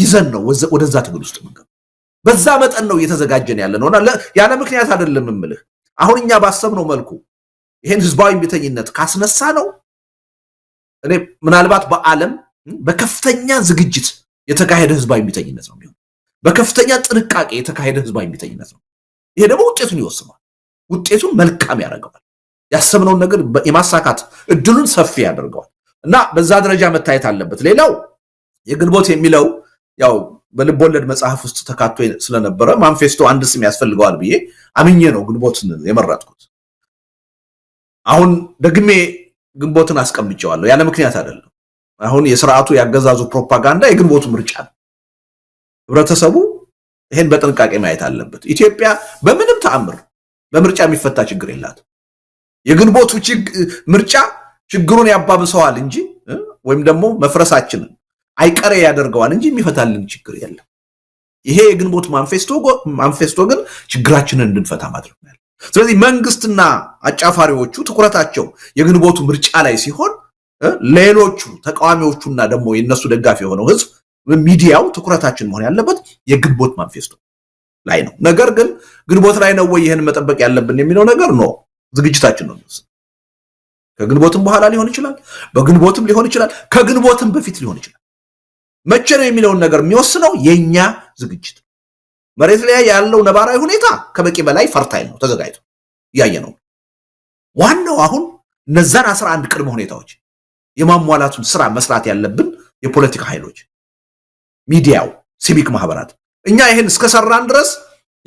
ይዘን ነው ወደዛ ትግል ውስጥ ምንገ በዛ መጠን ነው እየተዘጋጀን ያለ ነውና ያለ ምክንያት አይደለም የምልህ። አሁን እኛ ባሰብነው መልኩ ይህን ህዝባዊ እምቢተኝነት ካስነሳ ነው እኔ ምናልባት በዓለም በከፍተኛ ዝግጅት የተካሄደ ህዝባዊ እምቢተኝነት ነው የሚሆን፣ በከፍተኛ ጥንቃቄ የተካሄደ ህዝባዊ እምቢተኝነት ነው። ይሄ ደግሞ ውጤቱን ይወስነዋል። ውጤቱን መልካም ያደርገዋል። ያሰብነውን ነገር የማሳካት እድሉን ሰፊ ያደርገዋል እና በዛ ደረጃ መታየት አለበት። ሌላው የግንቦት የሚለው ያው በልቦወለድ መጽሐፍ ውስጥ ተካቶ ስለነበረ ማንፌስቶ አንድ ስም ያስፈልገዋል ብዬ አምኜ ነው ግንቦትን የመረጥኩት። አሁን ደግሜ ግንቦትን አስቀምጨዋለሁ ያለ ምክንያት አይደለም። አሁን የስርዓቱ ያገዛዙ ፕሮፓጋንዳ የግንቦቱ ምርጫ ነው። ህብረተሰቡ ይሄን በጥንቃቄ ማየት አለበት። ኢትዮጵያ በምንም ተአምር በምርጫ የሚፈታ ችግር የላትም። የግንቦቱ ምርጫ ችግሩን ያባብሰዋል እንጂ ወይም ደግሞ መፍረሳችንን አይቀሬ ያደርገዋል እንጂ የሚፈታልን ችግር የለም። ይሄ የግንቦት ማንፌስቶ ግን ችግራችንን እንድንፈታ ማድረግ ነው። ስለዚህ መንግስትና አጫፋሪዎቹ ትኩረታቸው የግንቦቱ ምርጫ ላይ ሲሆን፣ ሌሎቹ ተቃዋሚዎቹና ደግሞ የነሱ ደጋፊ የሆነው ህዝብ ሚዲያው ትኩረታችን መሆን ያለበት የግንቦት ማንፌስቶ ላይ ነው። ነገር ግን ግንቦት ላይ ነው ወይ ይህን መጠበቅ ያለብን የሚለው ነገር ነው። ዝግጅታችን ነው ከግንቦትም በኋላ ሊሆን ይችላል፣ በግንቦትም ሊሆን ይችላል፣ ከግንቦትም በፊት ሊሆን ይችላል። መቼ ነው የሚለውን ነገር የሚወስነው የእኛ ዝግጅት። መሬት ላይ ያለው ነባራዊ ሁኔታ ከበቂ በላይ ፈርታይል ነው፣ ተዘጋጅቶ እያየ ነው። ዋናው አሁን እነዛን አስራ አንድ ቅድመ ሁኔታዎች የማሟላቱን ስራ መስራት ያለብን የፖለቲካ ኃይሎች፣ ሚዲያው፣ ሲቪክ ማህበራት። እኛ ይህን እስከሰራን ድረስ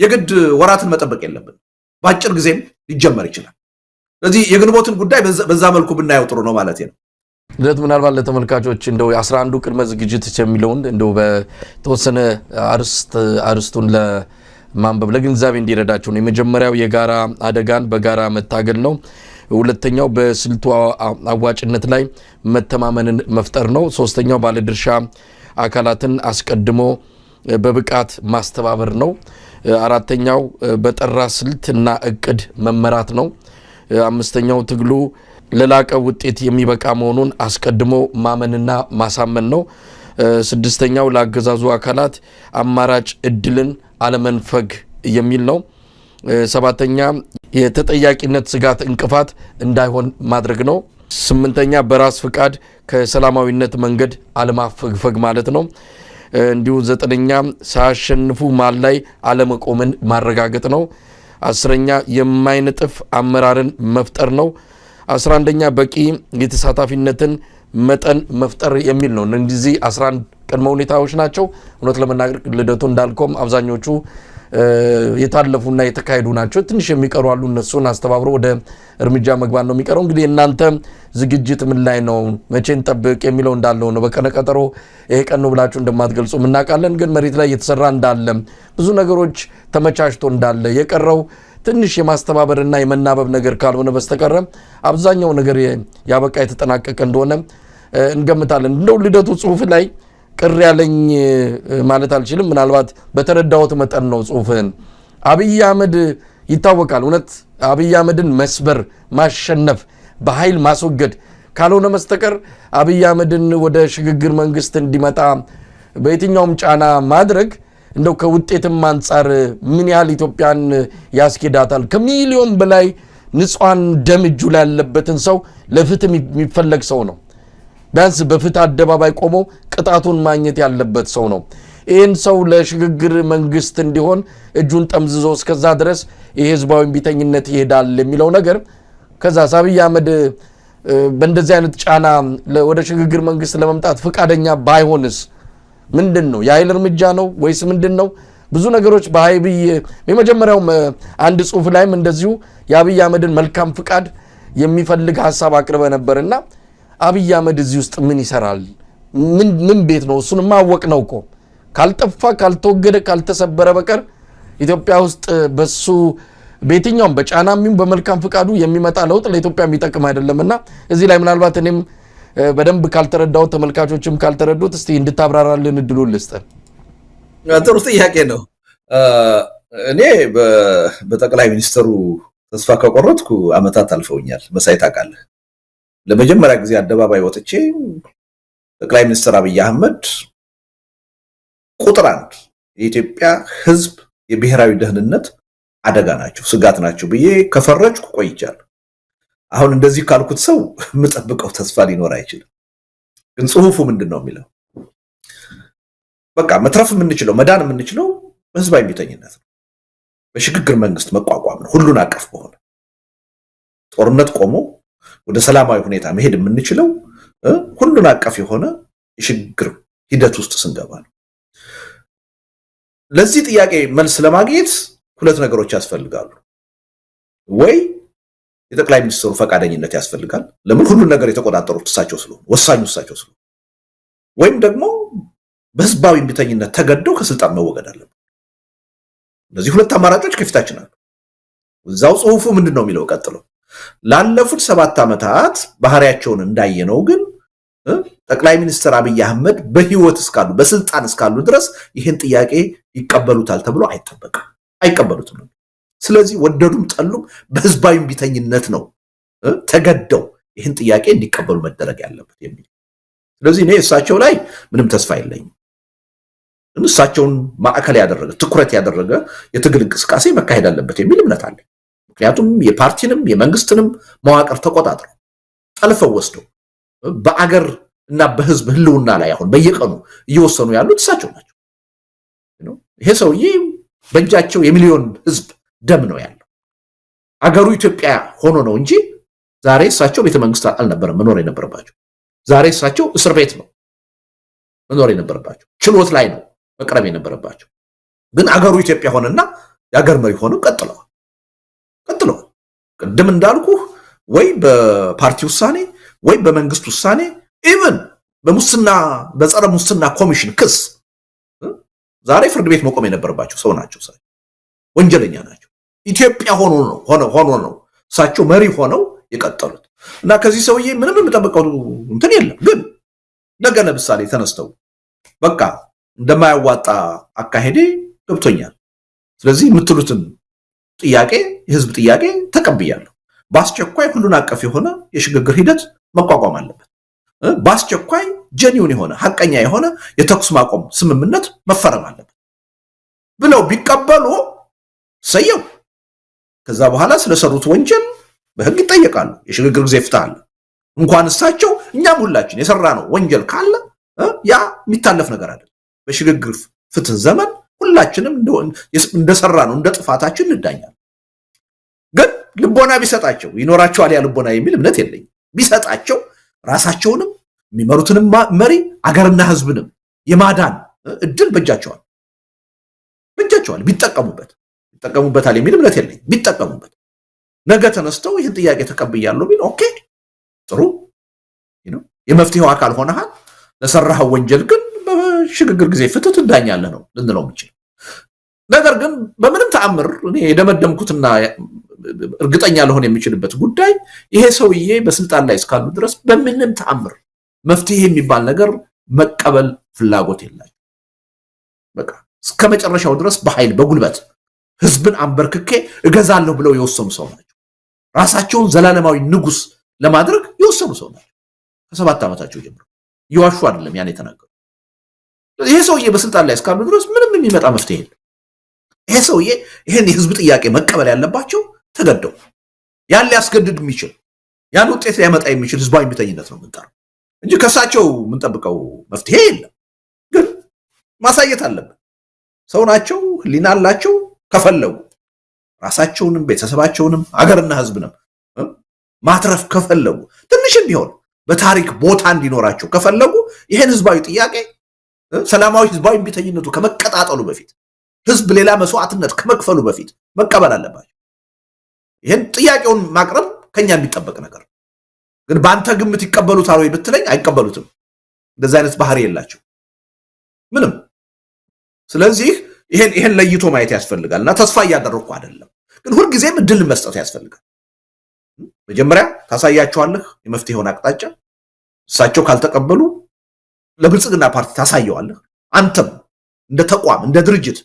የግድ ወራትን መጠበቅ የለብን። በአጭር ጊዜም ሊጀመር ይችላል። ስለዚህ የግንቦትን ጉዳይ በዛ መልኩ ብናየው ጥሩ ነው ማለት ነው። ልደት ምናልባት ለተመልካቾች እንደው የአስራ አንዱ ቅድመ ዝግጅት የሚለውን እንደው በተወሰነ አርስቱን ለማንበብ ለግንዛቤ እንዲረዳቸው ነው። የመጀመሪያው የጋራ አደጋን በጋራ መታገል ነው። ሁለተኛው በስልቱ አዋጭነት ላይ መተማመንን መፍጠር ነው። ሶስተኛው ባለድርሻ አካላትን አስቀድሞ በብቃት ማስተባበር ነው። አራተኛው በጠራ ስልት እና እቅድ መመራት ነው። አምስተኛው ትግሉ ለላቀ ውጤት የሚበቃ መሆኑን አስቀድሞ ማመንና ማሳመን ነው። ስድስተኛው ለአገዛዙ አካላት አማራጭ እድልን አለመንፈግ የሚል ነው። ሰባተኛ የተጠያቂነት ስጋት እንቅፋት እንዳይሆን ማድረግ ነው። ስምንተኛ በራስ ፍቃድ ከሰላማዊነት መንገድ አለማፈግፈግ ማለት ነው። እንዲሁም ዘጠነኛ ሳያሸንፉ ማል ላይ አለመቆምን ማረጋገጥ ነው። አስረኛ የማይነጥፍ አመራርን መፍጠር ነው። 11 በቂ የተሳታፊነትን መጠን መፍጠር የሚል ነው። እነዚህ 11 ቅድመ ሁኔታዎች ናቸው። እውነት ለመናገር ልደቱ እንዳልከውም አብዛኞቹ የታለፉና የተካሄዱ ናቸው። ትንሽ የሚቀሩ አሉ። እነሱን አስተባብሮ ወደ እርምጃ መግባት ነው የሚቀረው። እንግዲህ እናንተ ዝግጅት ምን ላይ ነው፣ መቼን ጠብቅ የሚለው እንዳለው ነው። በቀነ ቀጠሮ ይሄ ቀን ነው ብላችሁ እንደማትገልጹ እናውቃለን። ግን መሬት ላይ እየተሰራ እንዳለ ብዙ ነገሮች ተመቻችቶ እንዳለ የቀረው ትንሽ የማስተባበርና የመናበብ ነገር ካልሆነ በስተቀረ አብዛኛው ነገር ያበቃ የተጠናቀቀ እንደሆነ እንገምታለን። እንደው ልደቱ ጽሁፍ ላይ ቅር ያለኝ ማለት አልችልም። ምናልባት በተረዳሁት መጠን ነው ጽሁፍህን። አብይ አህመድ ይታወቃል። እውነት አብይ አህመድን መስበር፣ ማሸነፍ፣ በኃይል ማስወገድ ካልሆነ መስተቀር አብይ አህመድን ወደ ሽግግር መንግስት እንዲመጣ በየትኛውም ጫና ማድረግ እንደው ከውጤትም አንጻር ምን ያህል ኢትዮጵያን ያስኬዳታል? ከሚሊዮን በላይ ንጹሐን ደም እጁ ላይ ያለበትን ሰው ለፍትህ የሚፈለግ ሰው ነው። ቢያንስ በፍትህ አደባባይ ቆሞ ቅጣቱን ማግኘት ያለበት ሰው ነው። ይህን ሰው ለሽግግር መንግስት እንዲሆን እጁን ጠምዝዞ እስከዛ ድረስ የህዝባዊ ቢተኝነት ይሄዳል የሚለው ነገር ከዛ አብይ አህመድ በእንደዚህ አይነት ጫና ወደ ሽግግር መንግስት ለመምጣት ፈቃደኛ ባይሆንስ ምንድን ነው? የኃይል እርምጃ ነው ወይስ ምንድን ነው? ብዙ ነገሮች በአብይ የመጀመሪያውም አንድ ጽሁፍ ላይም እንደዚሁ የአብይ አህመድን መልካም ፍቃድ የሚፈልግ ሀሳብ አቅርበ ነበር እና አብይ አህመድ እዚህ ውስጥ ምን ይሰራል? ምን ቤት ነው? እሱን ማወቅ ነው እኮ ካልጠፋ ካልተወገደ ካልተሰበረ በቀር ኢትዮጵያ ውስጥ በሱ በየትኛውም በጫናም በመልካም ፍቃዱ የሚመጣ ለውጥ ለኢትዮጵያ የሚጠቅም አይደለም እና እዚህ ላይ ምናልባት እኔም በደንብ ካልተረዳሁት ተመልካቾችም ካልተረዱት እስቲ እንድታብራራልን እድሉን ልስጠን ጥሩ ጥያቄ ነው። እኔ በጠቅላይ ሚኒስትሩ ተስፋ ከቆረጥኩ አመታት አልፈውኛል። መሳይ ታውቃለህ፣ ለመጀመሪያ ጊዜ አደባባይ ወጥቼ ጠቅላይ ሚኒስትር አብይ አህመድ ቁጥር አንድ የኢትዮጵያ ሕዝብ የብሔራዊ ደህንነት አደጋ ናቸው፣ ስጋት ናቸው ብዬ ከፈረጅኩ ቆይቻለሁ። አሁን እንደዚህ ካልኩት ሰው የምጠብቀው ተስፋ ሊኖር አይችልም። ግን ጽሁፉ ምንድን ነው የሚለው? በቃ መትረፍ የምንችለው መዳን የምንችለው በህዝባዊ እምቢተኝነት ነው፣ በሽግግር መንግስት መቋቋም ነው፣ ሁሉን አቀፍ በሆነ ጦርነት ቆሞ ወደ ሰላማዊ ሁኔታ መሄድ የምንችለው ሁሉን አቀፍ የሆነ የሽግግር ሂደት ውስጥ ስንገባ ነው። ለዚህ ጥያቄ መልስ ለማግኘት ሁለት ነገሮች ያስፈልጋሉ ወይ የጠቅላይ ሚኒስትሩ ፈቃደኝነት ያስፈልጋል። ለምን ሁሉን ነገር የተቆጣጠሩት እሳቸው ስለሆኑ ወሳኙ እሳቸው ስለሆኑ፣ ወይም ደግሞ በህዝባዊ እምቢተኝነት ተገደው ከስልጣን መወገድ አለበ እነዚህ ሁለት አማራጮች ከፊታችን አሉ። እዛው ጽሁፉ ምንድን ነው የሚለው ቀጥለው ላለፉት ሰባት ዓመታት ባህሪያቸውን እንዳየነው ግን ጠቅላይ ሚኒስትር አብይ አህመድ በህይወት እስካሉ በስልጣን እስካሉ ድረስ ይህን ጥያቄ ይቀበሉታል ተብሎ አይጠበቅም። አይቀበሉትም። ስለዚህ ወደዱም ጠሉም በህዝባዊ ቢተኝነት ነው ተገደው ይህን ጥያቄ እንዲቀበሉ መደረግ ያለበት የሚል ስለዚህ እኔ እሳቸው ላይ ምንም ተስፋ የለኝም። እሳቸውን ማዕከል ያደረገ ትኩረት ያደረገ የትግል እንቅስቃሴ መካሄድ አለበት የሚል እምነት አለ። ምክንያቱም የፓርቲንም የመንግስትንም መዋቅር ተቆጣጥረው ጠልፈው ወስደው በአገር እና በህዝብ ህልውና ላይ አሁን በየቀኑ እየወሰኑ ያሉት እሳቸው ናቸው። ይሄ ሰውዬ በእጃቸው የሚሊዮን ህዝብ ደም ነው ያለው። አገሩ ኢትዮጵያ ሆኖ ነው እንጂ ዛሬ እሳቸው ቤተመንግስት አልነበረም መኖር የነበረባቸው። ዛሬ እሳቸው እስር ቤት ነው መኖር የነበረባቸው። ችሎት ላይ ነው መቅረብ የነበረባቸው። ግን አገሩ ኢትዮጵያ ሆነና የአገር መሪ ሆነው ቀጥለዋል ቀጥለዋል። ቅድም እንዳልኩህ ወይ በፓርቲ ውሳኔ ወይ በመንግስት ውሳኔ ኢቨን በሙስና በጸረ ሙስና ኮሚሽን ክስ ዛሬ ፍርድ ቤት መቆም የነበረባቸው ሰው ናቸው። ወንጀለኛ ናቸው። ኢትዮጵያ ሆኖ ነው ሆኖ ነው እሳቸው መሪ ሆነው የቀጠሉት እና ከዚህ ሰውዬ ምንም የምጠብቀው እንትን የለም። ግን ነገ ለምሳሌ ተነስተው በቃ እንደማያዋጣ አካሄዴ ገብቶኛል፣ ስለዚህ የምትሉትን ጥያቄ የህዝብ ጥያቄ ተቀብያለሁ፣ በአስቸኳይ ሁሉን አቀፍ የሆነ የሽግግር ሂደት መቋቋም አለበት፣ በአስቸኳይ ጀኒውን የሆነ ሀቀኛ የሆነ የተኩስ ማቆም ስምምነት መፈረም አለበት ብለው ቢቀበሉ ሰየው ከዛ በኋላ ስለሰሩት ወንጀል በህግ ይጠየቃሉ። የሽግግር ጊዜ ፍትህ አለ። እንኳን እሳቸው እኛም ሁላችን የሰራ ነው ወንጀል ካለ ያ የሚታለፍ ነገር አይደለም። በሽግግር ፍትህ ዘመን ሁላችንም እንደሰራ ነው እንደ ጥፋታችን እንዳኛል። ግን ልቦና ቢሰጣቸው ይኖራቸዋል ያ ልቦና የሚል እምነት የለኝ። ቢሰጣቸው ራሳቸውንም የሚመሩትንም መሪ አገርና ህዝብንም የማዳን እድል በእጃቸዋል በእጃቸዋል ቢጠቀሙበት ይጠቀሙበታል የሚል እምነት የለኝ። ቢጠቀሙበት ነገ ተነስተው ይህን ጥያቄ ተቀብያለሁ ቢል ኦኬ ጥሩ የመፍትሄው አካል ሆነሃል። ለሰራኸው ወንጀል ግን በሽግግር ጊዜ ፍትህ ትዳኛለህ ነው ልንለው የምችል። ነገር ግን በምንም ተአምር እኔ የደመደምኩትና እርግጠኛ ልሆን የሚችልበት ጉዳይ ይሄ ሰውዬ በስልጣን ላይ እስካሉ ድረስ በምንም ተአምር መፍትሄ የሚባል ነገር መቀበል ፍላጎት የላቸው። በቃ እስከ መጨረሻው ድረስ በኃይል በጉልበት ህዝብን አንበርክኬ እገዛለሁ ብለው የወሰኑ ሰው ናቸው። ራሳቸውን ዘላለማዊ ንጉስ ለማድረግ የወሰኑ ሰው ናቸው። ከሰባት ዓመታቸው ጀምሮ እየዋሹ አይደለም ያን የተናገሩ። ይሄ ሰውዬ በስልጣን ላይ እስካሉ ድረስ ምንም የሚመጣ መፍትሄ የለም። ይሄ ሰውዬ ይህን የህዝብ ጥያቄ መቀበል ያለባቸው ተገደው፣ ያን ሊያስገድድ የሚችል ያን ውጤት ሊያመጣ የሚችል ህዝባዊ እምቢተኝነት ነው ምንጠር እንጂ ከእሳቸው የምንጠብቀው መፍትሄ የለም። ግን ማሳየት አለብን። ሰው ናቸው፣ ህሊና አላቸው ከፈለጉ ራሳቸውንም ቤተሰባቸውንም አገርና ህዝብንም ማትረፍ ከፈለጉ ትንሽም ቢሆን በታሪክ ቦታ እንዲኖራቸው ከፈለጉ ይህን ህዝባዊ ጥያቄ ሰላማዊ ህዝባዊ እምቢተኝነቱ ከመቀጣጠሉ በፊት ህዝብ ሌላ መስዋዕትነት ከመክፈሉ በፊት መቀበል አለባቸው። ይህን ጥያቄውን ማቅረብ ከኛ የሚጠበቅ ነገር ግን በአንተ ግምት ይቀበሉታል ወይ ብትለኝ አይቀበሉትም። እንደዚህ አይነት ባህሪ የላቸው ምንም። ስለዚህ ይሄን ይሄን ለይቶ ማየት ያስፈልጋል። እና ተስፋ እያደረግኩ አይደለም፣ ግን ሁልጊዜም ድል መስጠት ያስፈልጋል። መጀመሪያ ታሳያቸዋለህ የመፍትሄውን አቅጣጫ። እሳቸው ካልተቀበሉ ለብልጽግና ፓርቲ ታሳየዋለህ። አንተም እንደ ተቋም እንደ ድርጅት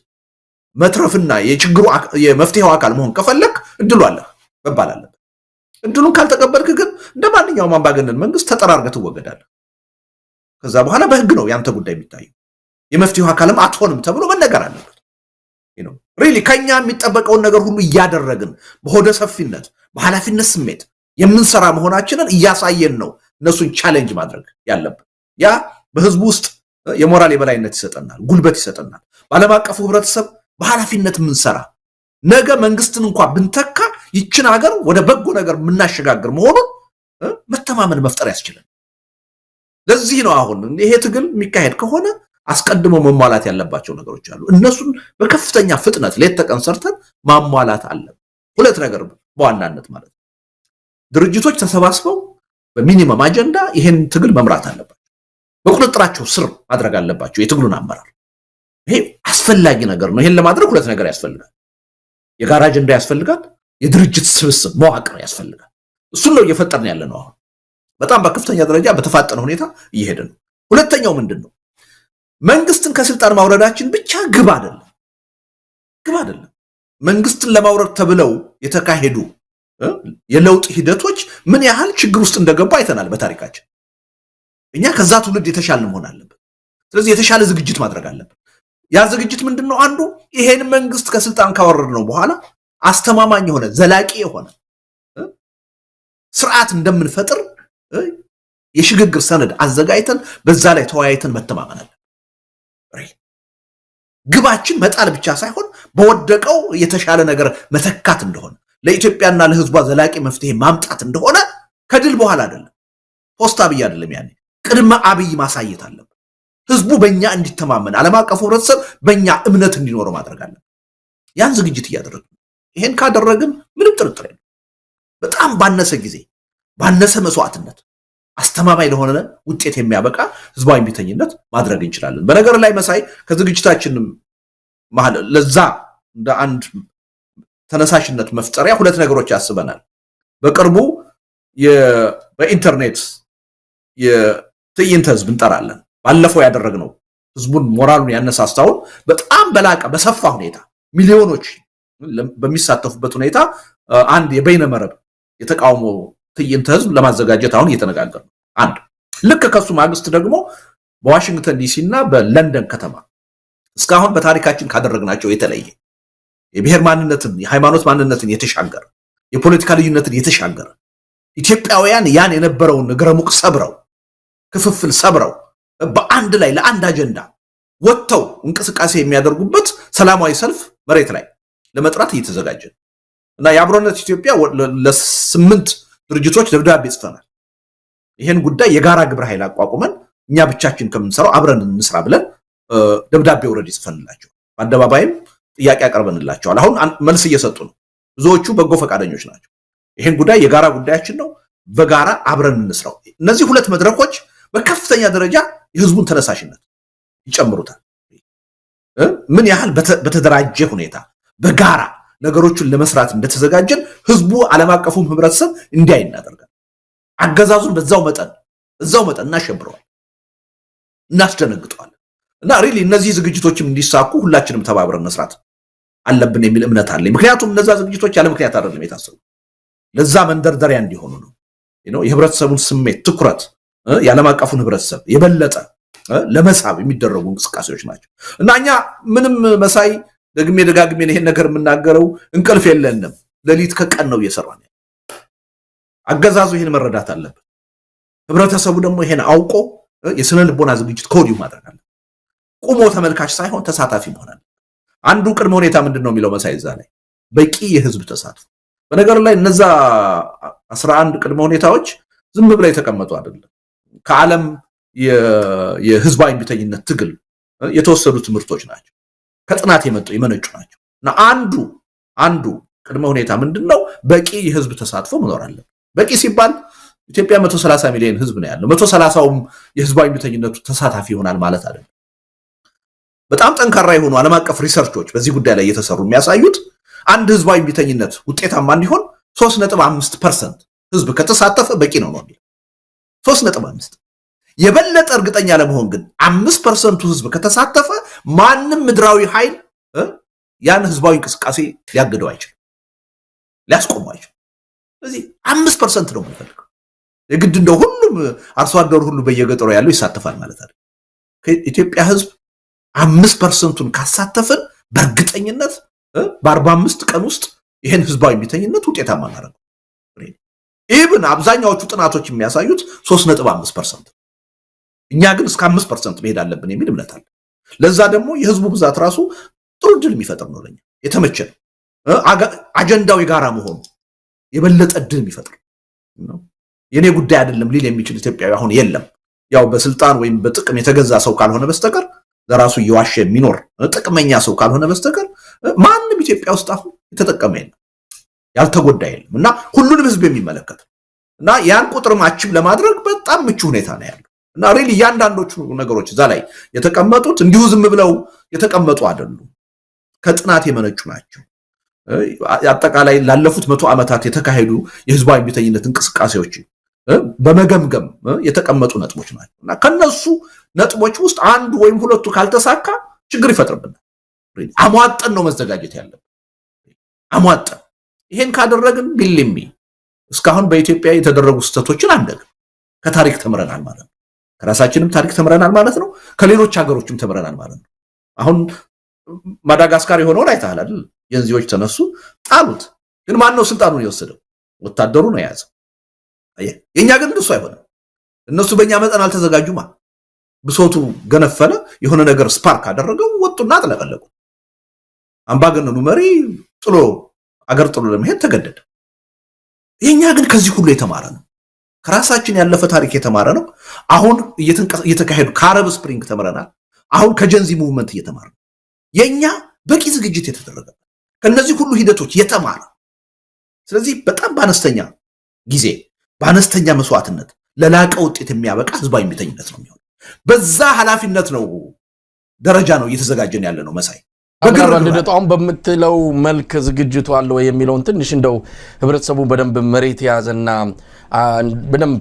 መትረፍና የችግሩ የመፍትሄው አካል መሆን ከፈለክ እድሏለህ መባል አለበት። እድሉን ካልተቀበልክ ግን እንደ ማንኛውም አምባገነን መንግስት ተጠራርገህ ትወገዳለህ። ከዛ በኋላ በህግ ነው ያንተ ጉዳይ የሚታየው። የመፍትሄው አካልም አትሆንም ተብሎ መነገር ሪሊ ከኛ የሚጠበቀውን ነገር ሁሉ እያደረግን በሆደ ሰፊነት በኃላፊነት ስሜት የምንሰራ መሆናችንን እያሳየን ነው። እነሱን ቻሌንጅ ማድረግ ያለብን ያ በህዝቡ ውስጥ የሞራል የበላይነት ይሰጠናል፣ ጉልበት ይሰጠናል። በዓለም አቀፉ ህብረተሰብ በኃላፊነት የምንሰራ ነገ መንግስትን እንኳ ብንተካ ይችን ሀገር ወደ በጎ ነገር የምናሸጋግር መሆኑን መተማመን መፍጠር ያስችላል። ለዚህ ነው አሁን ይሄ ትግል የሚካሄድ ከሆነ አስቀድሞ መሟላት ያለባቸው ነገሮች አሉ። እነሱን በከፍተኛ ፍጥነት ሌት ተቀን ሰርተን ማሟላት አለብን። ሁለት ነገር በዋናነት ማለት ነው። ድርጅቶች ተሰባስበው በሚኒመም አጀንዳ ይሄን ትግል መምራት አለባቸው። በቁጥጥራቸው ስር ማድረግ አለባቸው የትግሉን አመራር። ይሄ አስፈላጊ ነገር ነው። ይሄን ለማድረግ ሁለት ነገር ያስፈልጋል። የጋራ አጀንዳ ያስፈልጋል። የድርጅት ስብስብ መዋቅር ያስፈልጋል። እሱን ነው እየፈጠርን ያለ ነው። አሁን በጣም በከፍተኛ ደረጃ በተፋጠነ ሁኔታ እየሄደ ነው። ሁለተኛው ምንድን ነው? መንግስትን ከስልጣን ማውረዳችን ብቻ ግብ አይደለም፣ ግብ አይደለም። መንግስትን ለማውረድ ተብለው የተካሄዱ የለውጥ ሂደቶች ምን ያህል ችግር ውስጥ እንደገቡ አይተናል በታሪካችን። እኛ ከዛ ትውልድ የተሻለ መሆን አለብን። ስለዚህ የተሻለ ዝግጅት ማድረግ አለብን። ያ ዝግጅት ምንድን ነው? አንዱ ይሄን መንግስት ከስልጣን ካወረድ ነው በኋላ አስተማማኝ የሆነ ዘላቂ የሆነ ስርዓት እንደምንፈጥር የሽግግር ሰነድ አዘጋጅተን በዛ ላይ ተወያይተን መተማመን አለ? ግባችን መጣል ብቻ ሳይሆን በወደቀው የተሻለ ነገር መተካት እንደሆነ ለኢትዮጵያና ለሕዝቧ ዘላቂ መፍትሄ ማምጣት እንደሆነ ከድል በኋላ አይደለም፣ ፖስት አብይ አይደለም፣ ያኔ ቅድመ አብይ ማሳየት አለብን። ሕዝቡ በእኛ እንዲተማመን፣ ዓለም አቀፉ ህብረተሰብ በእኛ እምነት እንዲኖረው ማድረግ አለብን። ያን ዝግጅት እያደረግን ይሄን ካደረግን ምንም ጥርጥር የለም በጣም ባነሰ ጊዜ ባነሰ መስዋዕትነት አስተማማኝ ለሆነ ውጤት የሚያበቃ ህዝባዊ እምቢተኝነት ማድረግ እንችላለን። በነገር ላይ መሳይ ከዝግጅታችንም መሀል ለዛ እንደ አንድ ተነሳሽነት መፍጠሪያ ሁለት ነገሮች ያስበናል። በቅርቡ በኢንተርኔት የትዕይንተ ህዝብ እንጠራለን። ባለፈው ያደረግነው ህዝቡን ሞራሉን ያነሳሳውን በጣም በላቀ በሰፋ ሁኔታ ሚሊዮኖች በሚሳተፉበት ሁኔታ አንድ የበይነ መረብ የተቃውሞ ትዕይንተ ህዝብ ለማዘጋጀት አሁን እየተነጋገር ነው። አንድ ልክ ከሱ ማግስት ደግሞ በዋሽንግተን ዲሲ እና በለንደን ከተማ እስካሁን በታሪካችን ካደረግናቸው የተለየ የብሔር ማንነትን፣ የሃይማኖት ማንነትን የተሻገረ የፖለቲካ ልዩነትን የተሻገረ ኢትዮጵያውያን ያን የነበረውን ሙቅ ሰብረው ክፍፍል ሰብረው በአንድ ላይ ለአንድ አጀንዳ ወጥተው እንቅስቃሴ የሚያደርጉበት ሰላማዊ ሰልፍ መሬት ላይ ለመጥራት እየተዘጋጀ እና የአብሮነት ኢትዮጵያ ለስምንት ድርጅቶች ደብዳቤ ጽፈናል። ይህን ጉዳይ የጋራ ግብረ ኃይል አቋቁመን እኛ ብቻችን ከምንሰራው አብረን እንስራ ብለን ደብዳቤ ወረድ ይጽፈንላቸው በአደባባይም ጥያቄ አቀርበንላቸዋል። አሁን መልስ እየሰጡ ነው። ብዙዎቹ በጎ ፈቃደኞች ናቸው። ይህን ጉዳይ የጋራ ጉዳያችን ነው፣ በጋራ አብረን እንስራው። እነዚህ ሁለት መድረኮች በከፍተኛ ደረጃ የህዝቡን ተነሳሽነት ይጨምሩታል። ምን ያህል በተደራጀ ሁኔታ በጋራ ነገሮችን ለመስራት እንደተዘጋጀን ህዝቡ ዓለም አቀፉም ህብረተሰብ እንዲያይ እናደርጋል። አገዛዙን በዛው መጠን እዛው መጠን እናሸብረዋል፣ እናስደነግጠዋለን። እና ሪሊ እነዚህ ዝግጅቶችም እንዲሳኩ ሁላችንም ተባብረን መስራት አለብን የሚል እምነት አለ ምክንያቱም እነዛ ዝግጅቶች ያለ ምክንያት አይደለም የታሰቡ፣ ለዛ መንደርደሪያ እንዲሆኑ ነው። የህብረተሰቡን ስሜት ትኩረት፣ የዓለም አቀፉን ህብረተሰብ የበለጠ ለመሳብ የሚደረጉ እንቅስቃሴዎች ናቸው እና እኛ ምንም መሳይ ደግሜ ደጋግሜ ይሄን ነገር የምናገረው እንቅልፍ የለንም። ሌሊት ከቀን ነው እየሰራን። አገዛዙ ይሄን መረዳት አለበት። ህብረተሰቡ ደግሞ ይሄን አውቆ የስነ ልቦና ዝግጅት ከወዲሁ ማድረግ አለ። ቁሞ ተመልካች ሳይሆን ተሳታፊ መሆን አለ። አንዱ ቅድመ ሁኔታ ምንድን ነው የሚለው መሳይ እዛ ላይ በቂ የህዝብ ተሳትፎ። በነገር ላይ እነዛ አስራ አንድ ቅድመ ሁኔታዎች ዝም ብለው የተቀመጡ አይደለም። ከዓለም የህዝባዊ እምቢተኝነት ትግል የተወሰዱ ትምህርቶች ናቸው። ከጥናት የመጡ የመነጩ ናቸው እና አንዱ አንዱ ቅድመ ሁኔታ ምንድን ነው? በቂ የህዝብ ተሳትፎ መኖር አለ። በቂ ሲባል ኢትዮጵያ መቶ ሚሊዮን ህዝብ ነው ያለው። መቶ 130ውም የህዝባዊ እምቢተኝነቱ ተሳታፊ ይሆናል ማለት አይደለም። በጣም ጠንካራ የሆኑ ዓለም አቀፍ ሪሰርቾች በዚህ ጉዳይ ላይ እየተሰሩ የሚያሳዩት አንድ ህዝባዊ እምቢተኝነት ውጤታማ እንዲሆን 3.5 ፐርሰንት ህዝብ ከተሳተፈ በቂ ነው ነው ሶስት የበለጠ እርግጠኛ ለመሆን ግን አምስት ፐርሰንቱ ህዝብ ከተሳተፈ ማንም ምድራዊ ኃይል ያን ህዝባዊ እንቅስቃሴ ሊያግደው አይችልም፣ ሊያስቆሙ አይችልም። ስለዚህ አምስት ፐርሰንት ነው የምንፈልገው። የግድ እንደው ሁሉም አርሶ አደሩ ሁሉ በየገጠሩ ያለው ይሳተፋል ማለት አለ። ከኢትዮጵያ ህዝብ አምስት ፐርሰንቱን ካሳተፍን በእርግጠኝነት በአርባ አምስት ቀን ውስጥ ይህን ህዝባዊ የሚተኝነት ውጤታማ እናደርገው። ኢብን አብዛኛዎቹ ጥናቶች የሚያሳዩት ሶስት ነጥብ አምስት ፐርሰንት እኛ ግን እስከ አምስት ፐርሰንት መሄድ አለብን የሚል እምነት አለ። ለዛ ደግሞ የህዝቡ ብዛት ራሱ ጥሩ እድል የሚፈጥር ነው። ለኛ የተመቸ ነው። አጀንዳው የጋራ መሆኑ የበለጠ እድል የሚፈጥር የእኔ ጉዳይ አይደለም ሊል የሚችል ኢትዮጵያዊ አሁን የለም። ያው በስልጣን ወይም በጥቅም የተገዛ ሰው ካልሆነ በስተቀር ለራሱ እየዋሸ የሚኖር ጥቅመኛ ሰው ካልሆነ በስተቀር ማንም ኢትዮጵያ ውስጥ አሁን የተጠቀመ የለም፣ ያልተጎዳ የለም እና ሁሉንም ህዝብ የሚመለከት እና ያን ቁጥር ማችም ለማድረግ በጣም ምቹ ሁኔታ ነው ያለው። እና ሪል እያንዳንዶቹ ነገሮች እዛ ላይ የተቀመጡት እንዲሁ ዝም ብለው የተቀመጡ አይደሉም፣ ከጥናት የመነጩ ናቸው። አጠቃላይ ላለፉት መቶ ዓመታት የተካሄዱ የህዝባዊ እምቢተኝነት እንቅስቃሴዎች በመገምገም የተቀመጡ ነጥቦች ናቸው እና ከነሱ ነጥቦች ውስጥ አንዱ ወይም ሁለቱ ካልተሳካ ችግር ይፈጥርብናል። አሟጠን ነው መዘጋጀት ያለብን፣ አሟጠን። ይሄን ካደረግን ቢልሚ እስካሁን በኢትዮጵያ የተደረጉ ስህተቶችን አንደግም፣ ከታሪክ ተምረናል ማለት ነው። ከራሳችንም ታሪክ ተምረናል ማለት ነው። ከሌሎች ሀገሮችም ተምረናል ማለት ነው። አሁን ማዳጋስካር የሆነውን አይተሃል አይደል? የንዚዎች ተነሱ፣ ጣሉት። ግን ማን ነው ስልጣኑን የወሰደው? ወታደሩ ነው የያዘው። የእኛ ግን እንደሱ አይሆንም። እነሱ በእኛ መጠን አልተዘጋጁማ። ብሶቱ ገነፈለ፣ የሆነ ነገር ስፓርክ አደረገው፣ ወጡና አጥለቀለቁ። አምባገነኑ መሪ ጥሎ አገር ጥሎ ለመሄድ ተገደደ። የእኛ ግን ከዚህ ሁሉ የተማረ ነው። ከራሳችን ያለፈ ታሪክ የተማረ ነው። አሁን እየተካሄዱ ከአረብ ስፕሪንግ ተምረናል። አሁን ከጀንዚ ሙቭመንት እየተማረ ነው። የእኛ በቂ ዝግጅት የተደረገ ከእነዚህ ሁሉ ሂደቶች የተማረ ስለዚህ በጣም በአነስተኛ ጊዜ በአነስተኛ መስዋዕትነት ለላቀ ውጤት የሚያበቃ ህዝባዊ እምቢተኝነት ነው የሚሆነው። በዛ ኃላፊነት ነው ደረጃ ነው እየተዘጋጀን ያለ ነው መሳይ አሁን በምትለው መልክ ዝግጅቱ አለ ወይ የሚለውን ትንሽ እንደው ህብረተሰቡ በደንብ መሬት የያዘና በደንብ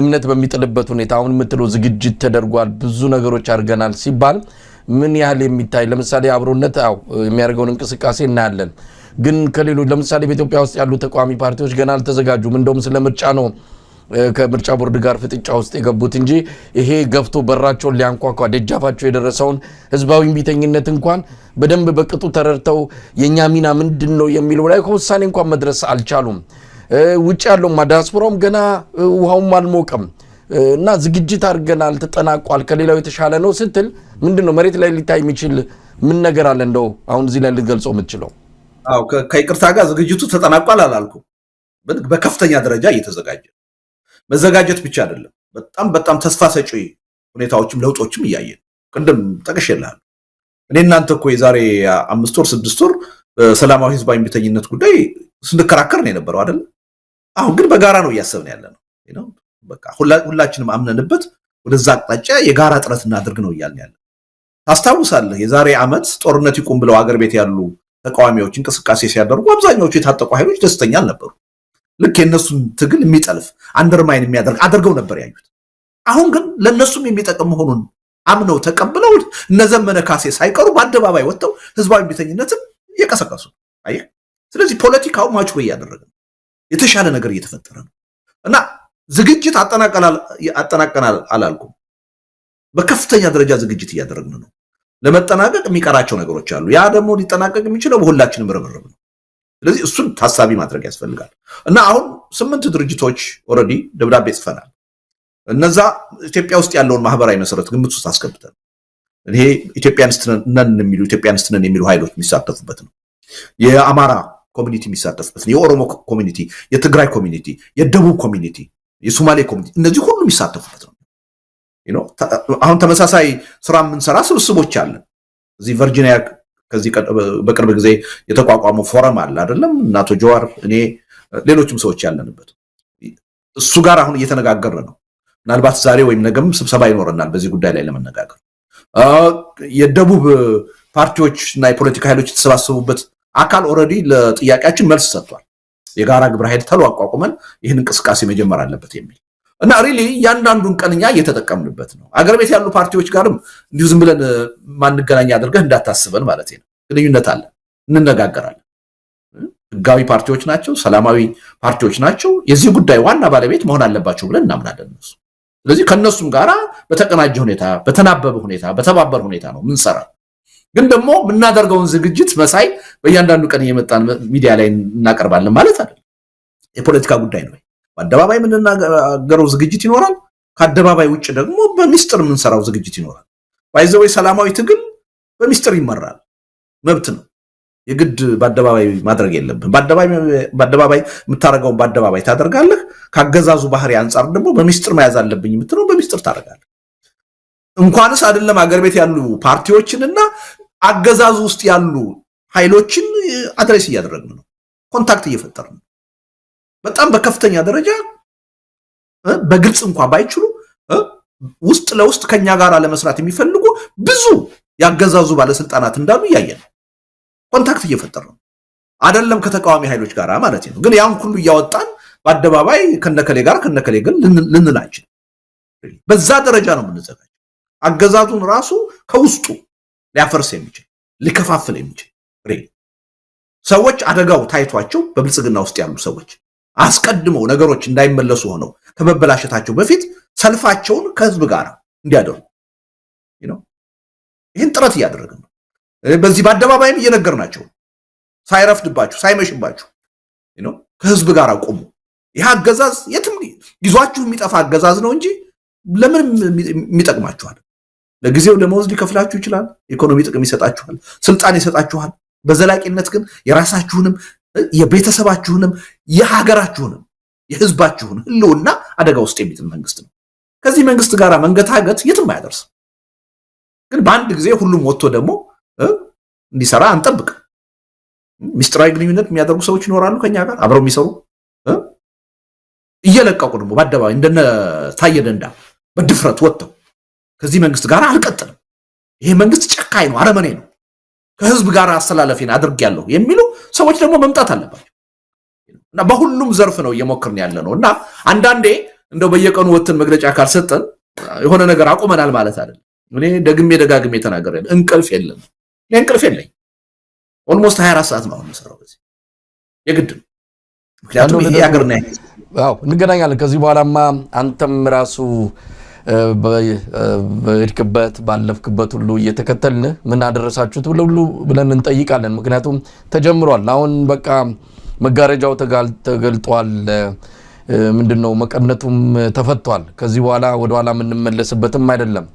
እምነት በሚጥልበት ሁኔታ አሁን የምትለው ዝግጅት ተደርጓል፣ ብዙ ነገሮች አድርገናል ሲባል ምን ያህል የሚታይ ለምሳሌ አብሮነት ው የሚያደርገውን እንቅስቃሴ እናያለን። ግን ከሌሎች ለምሳሌ በኢትዮጵያ ውስጥ ያሉ ተቃዋሚ ፓርቲዎች ገና አልተዘጋጁም። እንደውም ስለ ምርጫ ነው ከምርጫ ቦርድ ጋር ፍጥጫ ውስጥ የገቡት እንጂ ይሄ ገፍቶ በራቸውን ሊያንኳኳ ደጃፋቸው የደረሰውን ህዝባዊ ቢተኝነት እንኳን በደንብ በቅጡ ተረድተው የእኛ ሚና ምንድን ነው የሚለው ላይ ከውሳኔ እንኳን መድረስ አልቻሉም። ውጭ ያለውማ ዲያስፖራውም ገና ውሃውም አልሞቀም እና ዝግጅት አድርገናል፣ ተጠናቋል፣ ከሌላው የተሻለ ነው ስትል ምንድን ነው መሬት ላይ ሊታይ የሚችል ምን ነገር አለ? እንደው አሁን እዚህ ላይ ልትገልጸው የምትችለው? ከይቅርታ ጋር ዝግጅቱ ተጠናቋል አላልኩም፣ በከፍተኛ ደረጃ እየተዘጋጀ መዘጋጀት ብቻ አይደለም። በጣም በጣም ተስፋ ሰጪ ሁኔታዎችም ለውጦችም እያየን ቅድም ጠቅሼልሃለሁ። እኔ እናንተ እኮ የዛሬ አምስት ወር ስድስት ወር በሰላማዊ ህዝባዊ እምቢተኝነት ጉዳይ ስንከራከር ነው የነበረው አይደለ? አሁን ግን በጋራ ነው እያሰብን ያለ ነው። ሁላችንም አምነንበት ወደዛ አቅጣጫ የጋራ ጥረት እናድርግ ነው እያልን ያለ። ታስታውሳለህ የዛሬ ዓመት ጦርነት ይቁም ብለው አገር ቤት ያሉ ተቃዋሚዎች እንቅስቃሴ ሲያደርጉ አብዛኛዎቹ የታጠቁ ኃይሎች ደስተኛ አልነበሩ። ልክ የእነሱን ትግል የሚጠልፍ አንደርማይን የሚያደርግ አድርገው ነበር ያዩት። አሁን ግን ለእነሱም የሚጠቅም መሆኑን አምነው ተቀብለው እነዘመነ ካሴ ሳይቀሩ በአደባባይ ወጥተው ህዝባዊ ቤተኝነትን እየቀሰቀሱ አየ። ስለዚህ ፖለቲካው ማች እያደረገ የተሻለ ነገር እየተፈጠረ ነው እና ዝግጅት አጠናቀናል አላልኩም። በከፍተኛ ደረጃ ዝግጅት እያደረግን ነው። ለመጠናቀቅ የሚቀራቸው ነገሮች አሉ። ያ ደግሞ ሊጠናቀቅ የሚችለው በሁላችንም ርብርብ ነው። ስለዚህ እሱን ታሳቢ ማድረግ ያስፈልጋል እና አሁን ስምንት ድርጅቶች ኦልሬዲ ደብዳቤ ጽፈናል። እነዛ ኢትዮጵያ ውስጥ ያለውን ማህበራዊ መሰረት ግምት ውስጥ አስገብተን ይሄ ኢትዮጵያንስት ነን የሚሉ ኢትዮጵያንስት ነን የሚሉ ኃይሎች የሚሳተፉበት ነው። የአማራ ኮሚኒቲ የሚሳተፉበት ነው። የኦሮሞ ኮሚኒቲ፣ የትግራይ ኮሚኒቲ፣ የደቡብ ኮሚኒቲ፣ የሶማሌ ኮሚኒቲ እነዚህ ሁሉ የሚሳተፉበት ነው። አሁን ተመሳሳይ ስራ የምንሰራ ስብስቦች አለን። እዚህ ቨርጂኒያ ከዚህ በቅርብ ጊዜ የተቋቋመው ፎረም አለ አይደለም? እና አቶ ጀዋር እኔ፣ ሌሎችም ሰዎች ያለንበት እሱ ጋር አሁን እየተነጋገር ነው። ምናልባት ዛሬ ወይም ነገም ስብሰባ ይኖረናል በዚህ ጉዳይ ላይ ለመነጋገር። የደቡብ ፓርቲዎች እና የፖለቲካ ኃይሎች የተሰባሰቡበት አካል ኦልሬዲ ለጥያቄያችን መልስ ሰጥቷል። የጋራ ግብረ ኃይል ተሎ አቋቁመን ይህን እንቅስቃሴ መጀመር አለበት የሚል እና ሪሊ እያንዳንዱን ቀን እኛ እየተጠቀምንበት ነው። አገር ቤት ያሉ ፓርቲዎች ጋርም እንዲሁ ዝም ብለን ማንገናኝ አድርገህ እንዳታስበን ማለት ነው። ግንኙነት አለን፣ እንነጋገራለን። ህጋዊ ፓርቲዎች ናቸው፣ ሰላማዊ ፓርቲዎች ናቸው። የዚህ ጉዳይ ዋና ባለቤት መሆን አለባቸው ብለን እናምናለን እነሱ። ስለዚህ ከእነሱም ጋር በተቀናጀ ሁኔታ፣ በተናበበ ሁኔታ፣ በተባበር ሁኔታ ነው ምንሰራ። ግን ደግሞ የምናደርገውን ዝግጅት መሳይ በእያንዳንዱ ቀን እየመጣን ሚዲያ ላይ እናቀርባለን ማለት አይደለም። የፖለቲካ ጉዳይ ነው። በአደባባይ የምንናገረው ዝግጅት ይኖራል። ከአደባባይ ውጭ ደግሞ በሚስጥር የምንሰራው ዝግጅት ይኖራል። ባይዘወይ ሰላማዊ ትግል በሚስጥር ይመራል፣ መብት ነው። የግድ በአደባባይ ማድረግ የለብን። በአደባባይ የምታደርገውን በአደባባይ ታደርጋለህ። ከአገዛዙ ባህሪ አንጻር ደግሞ በሚስጥር መያዝ አለብኝ የምትለው በሚስጥር ታደርጋለህ። እንኳንስ አይደለም አገር ቤት ያሉ ፓርቲዎችንና አገዛዙ ውስጥ ያሉ ኃይሎችን አድሬስ እያደረግን ነው፣ ኮንታክት እየፈጠርን ነው። በጣም በከፍተኛ ደረጃ በግልጽ እንኳ ባይችሉ ውስጥ ለውስጥ ከኛ ጋር ለመስራት የሚፈልጉ ብዙ ያገዛዙ ባለስልጣናት እንዳሉ እያየ ነው። ኮንታክት እየፈጠር ነው አይደለም ከተቃዋሚ ኃይሎች ጋር ማለት ነው። ግን ያን ሁሉ እያወጣን በአደባባይ ከነከሌ ጋር ከነከሌ ግን ልንላችል በዛ ደረጃ ነው የምንዘጋጀው። አገዛዙን ራሱ ከውስጡ ሊያፈርስ የሚችል ሊከፋፍል የሚችል ሰዎች አደጋው ታይቷቸው በብልጽግና ውስጥ ያሉ ሰዎች አስቀድመው ነገሮች እንዳይመለሱ ሆነው ከመበላሸታቸው በፊት ሰልፋቸውን ከህዝብ ጋር እንዲያደርጉ ይህን ጥረት እያደረግን ነው። በዚህ በአደባባይም እየነገርናቸው ሳይረፍድባችሁ ሳይመሽባችሁ ከህዝብ ጋር ቆሙ። ይህ አገዛዝ የትም ይዟችሁ የሚጠፋ አገዛዝ ነው እንጂ ለምንም የሚጠቅማችኋል። ለጊዜው ለመወዝ ሊከፍላችሁ ይችላል። ኢኮኖሚ ጥቅም ይሰጣችኋል፣ ስልጣን ይሰጣችኋል። በዘላቂነት ግን የራሳችሁንም የቤተሰባችሁንም የሀገራችሁንም የህዝባችሁን ህልውና አደጋ ውስጥ የሚጥል መንግስት ነው። ከዚህ መንግስት ጋር መንገታገት የትም አያደርስም። ግን በአንድ ጊዜ ሁሉም ወጥቶ ደግሞ እንዲሰራ አንጠብቅ። ሚስጥራዊ ግንኙነት የሚያደርጉ ሰዎች ይኖራሉ ከኛ ጋር አብረው የሚሰሩ እየለቀቁ ደግሞ በአደባባይ እንደነ ታየ ደንዳ በድፍረት ወጥተው ከዚህ መንግስት ጋር አልቀጥልም፣ ይሄ መንግስት ጨካኝ ነው፣ አረመኔ ነው ከህዝብ ጋር አስተላለፊን አድርጌያለሁ የሚሉ ሰዎች ደግሞ መምጣት አለባቸው እና በሁሉም ዘርፍ ነው እየሞክርን ያለ ነው እና አንዳንዴ እንደው በየቀኑ ወትን መግለጫ ካልሰጠን የሆነ ነገር አቁመናል ማለት አይደለም። እኔ ደግሜ ደጋግሜ የተናገር እንቅልፍ የለም እንቅልፍ የለኝ ኦልሞስት 24 ሰዓት ነው የምሰራው በዚህ የግድ ምክንያቱም ይሄ ሀገር እንገናኛለን ከዚህ በኋላማ አንተም ራሱ በሄድክበት ባለፍክበት ሁሉ እየተከተልን ምን አደረሳችሁት ሁሉ ብለን እንጠይቃለን። ምክንያቱም ተጀምሯል። አሁን በቃ መጋረጃው ተገልጧል። ምንድን ነው መቀነቱም ተፈቷል። ከዚህ በኋላ ወደኋላ የምንመለስበትም አይደለም።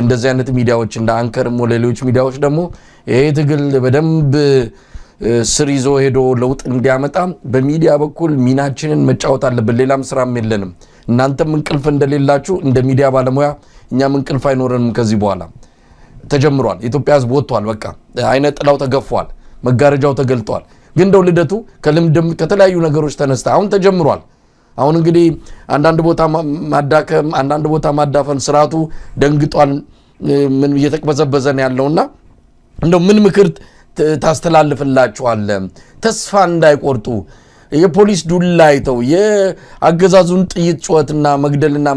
እንደዚህ አይነት ሚዲያዎች እንደ አንከርም ሌሎች ሚዲያዎች ደግሞ ይሄ ትግል በደንብ ስር ይዞ ሄዶ ለውጥ እንዲያመጣ በሚዲያ በኩል ሚናችንን መጫወት አለብን። ሌላም ስራም የለንም። እናንተም እንቅልፍ እንደሌላችሁ እንደ ሚዲያ ባለሙያ እኛም እንቅልፍ አይኖረንም። ከዚህ በኋላ ተጀምሯል። የኢትዮጵያ ሕዝብ ወጥቷል። በቃ አይነ ጥላው ተገፏል። መጋረጃው ተገልጧል። ግን እንደው ልደቱ ከልምድም ከተለያዩ ነገሮች ተነስተ አሁን ተጀምሯል። አሁን እንግዲህ አንዳንድ ቦታ ማዳከም፣ አንዳንድ ቦታ ማዳፈን፣ ስርዓቱ ደንግጧል። ምን እየተቅበዘበዘ ነው ያለውና እንደው ምን ምክር ታስተላልፍላችኋለ? ተስፋ እንዳይቆርጡ የፖሊስ ዱላ አይተው የአገዛዙን ጥይት ጩኸትና መግደልና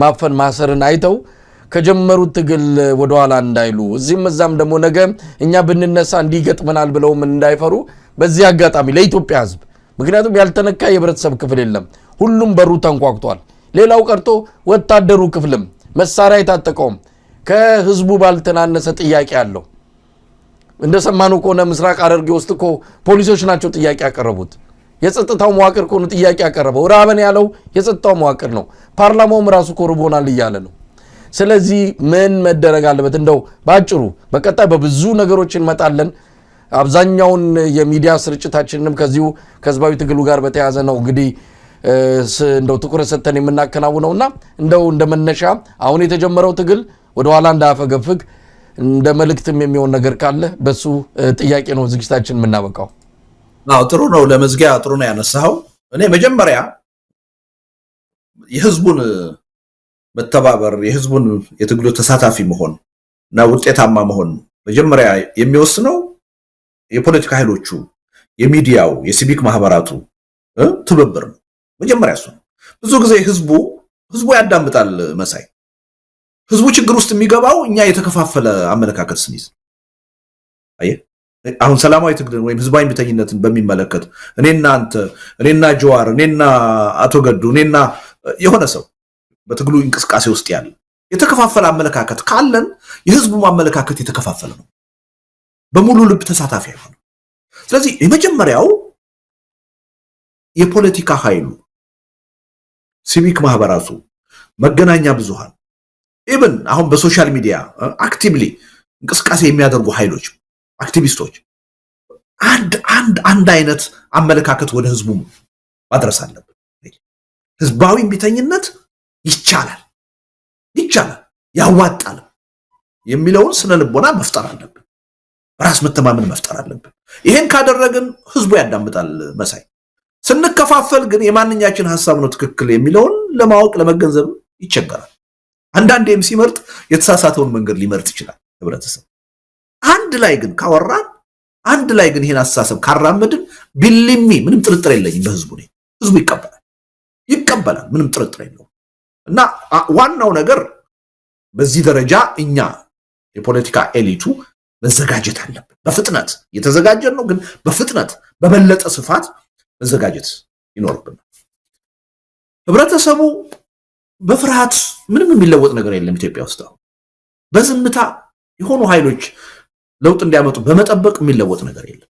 ማፈን ማሰርን አይተው ከጀመሩት ትግል ወደኋላ እንዳይሉ እዚህም እዛም ደግሞ ነገ እኛ ብንነሳ እንዲገጥመናል ብለውም እንዳይፈሩ በዚህ አጋጣሚ ለኢትዮጵያ ሕዝብ ምክንያቱም ያልተነካ የህብረተሰብ ክፍል የለም። ሁሉም በሩ ተንኳኩቷል። ሌላው ቀርቶ ወታደሩ ክፍልም መሳሪያ የታጠቀውም ከህዝቡ ባልተናነሰ ጥያቄ አለው። እንደሰማነው ከሆነ ምስራቅ ሐረርጌ ውስጥ እኮ ፖሊሶች ናቸው ጥያቄ ያቀረቡት። የጸጥታው መዋቅር እኮ ነው ጥያቄ ያቀረበው። ራበን ያለው የጸጥታው መዋቅር ነው። ፓርላማውም ራሱ እኮ ርቦናል እያለ ነው። ስለዚህ ምን መደረግ አለበት? እንደው በአጭሩ በቀጣይ በብዙ ነገሮች እንመጣለን። አብዛኛውን የሚዲያ ስርጭታችንንም ከዚሁ ከህዝባዊ ትግሉ ጋር በተያያዘ ነው እንግዲህ እንደው ትኩረት ሰጥተን እና እንደው እንደ መነሻ አሁን የተጀመረው ትግል ወደኋላ እንዳፈገፍግ እንደ መልእክትም የሚሆን ነገር ካለ በሱ ጥያቄ ነው ዝግጅታችን የምናበቃው። አዎ ጥሩ ነው። ለመዝጊያ ጥሩ ነው ያነሳኸው። እኔ መጀመሪያ የህዝቡን መተባበር የህዝቡን የትግሉ ተሳታፊ መሆን እና ውጤታማ መሆን መጀመሪያ የሚወስነው የፖለቲካ ኃይሎቹ፣ የሚዲያው፣ የሲቪክ ማህበራቱ ትብብር ነው። መጀመሪያ እሱ ነው። ብዙ ጊዜ ህዝቡ ህዝቡ ያዳምጣል መሳይ ህዝቡ ችግር ውስጥ የሚገባው እኛ የተከፋፈለ አመለካከት ስንይዝ አየህ አሁን ሰላማዊ ትግልን ወይም ህዝባዊ እምቢተኝነትን በሚመለከት እኔና አንተ እኔና ጀዋር እኔና አቶ ገዱ እኔና የሆነ ሰው በትግሉ እንቅስቃሴ ውስጥ ያለ የተከፋፈለ አመለካከት ካለን የህዝቡ አመለካከት የተከፋፈለ ነው፣ በሙሉ ልብ ተሳታፊ አይሆንም። ስለዚህ የመጀመሪያው የፖለቲካ ኃይሉ ሲቪክ ማህበራቱ፣ መገናኛ ብዙሃን ኢብን አሁን በሶሻል ሚዲያ አክቲቭሊ እንቅስቃሴ የሚያደርጉ ኃይሎች አክቲቪስቶች አንድ አንድ አንድ አይነት አመለካከት ወደ ህዝቡ ማድረስ አለብን። ህዝባዊ ቢተኝነት ይቻላል ይቻላል ያዋጣል የሚለውን ስነ ልቦና መፍጠር አለብን። በራስ መተማመን መፍጠር አለብን። ይሄን ካደረግን ህዝቡ ያዳምጣል። መሳይ ስንከፋፈል ግን የማንኛችን ሀሳብ ነው ትክክል የሚለውን ለማወቅ ለመገንዘብ ይቸገራል። አንዳንዴም ሲመርጥ የተሳሳተውን መንገድ ሊመርጥ ይችላል ህብረተሰብ አንድ ላይ ግን ካወራን አንድ ላይ ግን ይህን አስተሳሰብ ካራመድን ቢልሚ ምንም ጥርጥር የለኝም በህዝቡ ላይ ህዝቡ ይቀበላል ይቀበላል ምንም ጥርጥር የለው እና ዋናው ነገር በዚህ ደረጃ እኛ የፖለቲካ ኤሊቱ መዘጋጀት አለብን በፍጥነት እየተዘጋጀን ነው ግን በፍጥነት በበለጠ ስፋት መዘጋጀት ይኖርብናል ህብረተሰቡ በፍርሃት ምንም የሚለወጥ ነገር የለም ኢትዮጵያ ውስጥ አሁን በዝምታ የሆኑ ኃይሎች ለውጥ እንዲያመጡ በመጠበቅ የሚለወጥ ነገር የለም።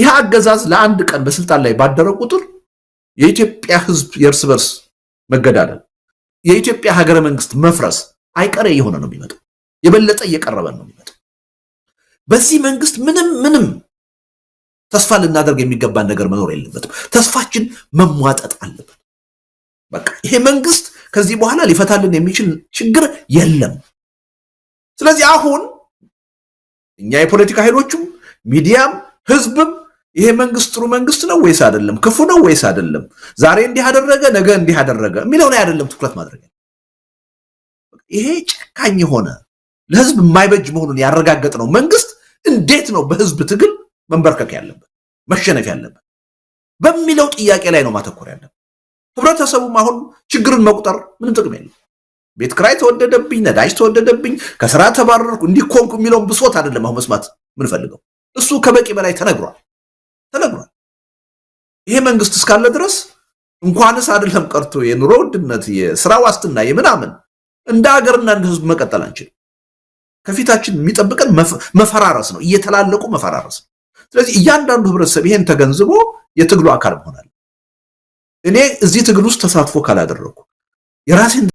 ይህ አገዛዝ ለአንድ ቀን በስልጣን ላይ ባደረ ቁጥር የኢትዮጵያ ሕዝብ የእርስ በርስ መገዳደል፣ የኢትዮጵያ ሀገረ መንግስት መፍረስ አይቀሬ የሆነ ነው የሚመጣው። የበለጠ እየቀረበን ነው የሚመጣው። በዚህ መንግስት ምንም ምንም ተስፋ ልናደርግ የሚገባን ነገር መኖር የለበትም። ተስፋችን መሟጠጥ አለበት። በቃ ይሄ መንግስት ከዚህ በኋላ ሊፈታልን የሚችል ችግር የለም። ስለዚህ አሁን እኛ የፖለቲካ ኃይሎቹም ሚዲያም ህዝብም ይሄ መንግስት ጥሩ መንግስት ነው ወይስ አይደለም? ክፉ ነው ወይስ አይደለም? ዛሬ እንዲህ አደረገ፣ ነገ እንዲህ አደረገ የሚለው ላይ አይደለም ትኩረት ማድረግ። ይሄ ጨካኝ የሆነ ለህዝብ የማይበጅ መሆኑን ያረጋገጥ ነው መንግስት እንዴት ነው በህዝብ ትግል መንበርከክ ያለበት መሸነፍ ያለበት በሚለው ጥያቄ ላይ ነው ማተኮር ያለበት። ህብረተሰቡም አሁን ችግርን መቁጠር ምንም ጥቅም የለም። ቤት ክራይ ተወደደብኝ፣ ነዳጅ ተወደደብኝ፣ ከስራ ተባረርኩ፣ እንዲኮንኩ የሚለውን ብሶት አይደለም አሁን መስማት ምንፈልገው። እሱ ከበቂ በላይ ተነግሯል ተነግሯል። ይሄ መንግስት እስካለ ድረስ እንኳንስ አይደለም ቀርቶ የኑሮ ውድነት፣ የስራ ዋስትና፣ የምናምን እንደ ሀገርና እንደ ህዝብ መቀጠል አንችልም። ከፊታችን የሚጠብቀን መፈራረስ ነው፣ እየተላለቁ መፈራረስ ነው። ስለዚህ እያንዳንዱ ህብረተሰብ ይሄን ተገንዝቦ የትግሉ አካል መሆናል። እኔ እዚህ ትግል ውስጥ ተሳትፎ ካላደረግኩ የራሴን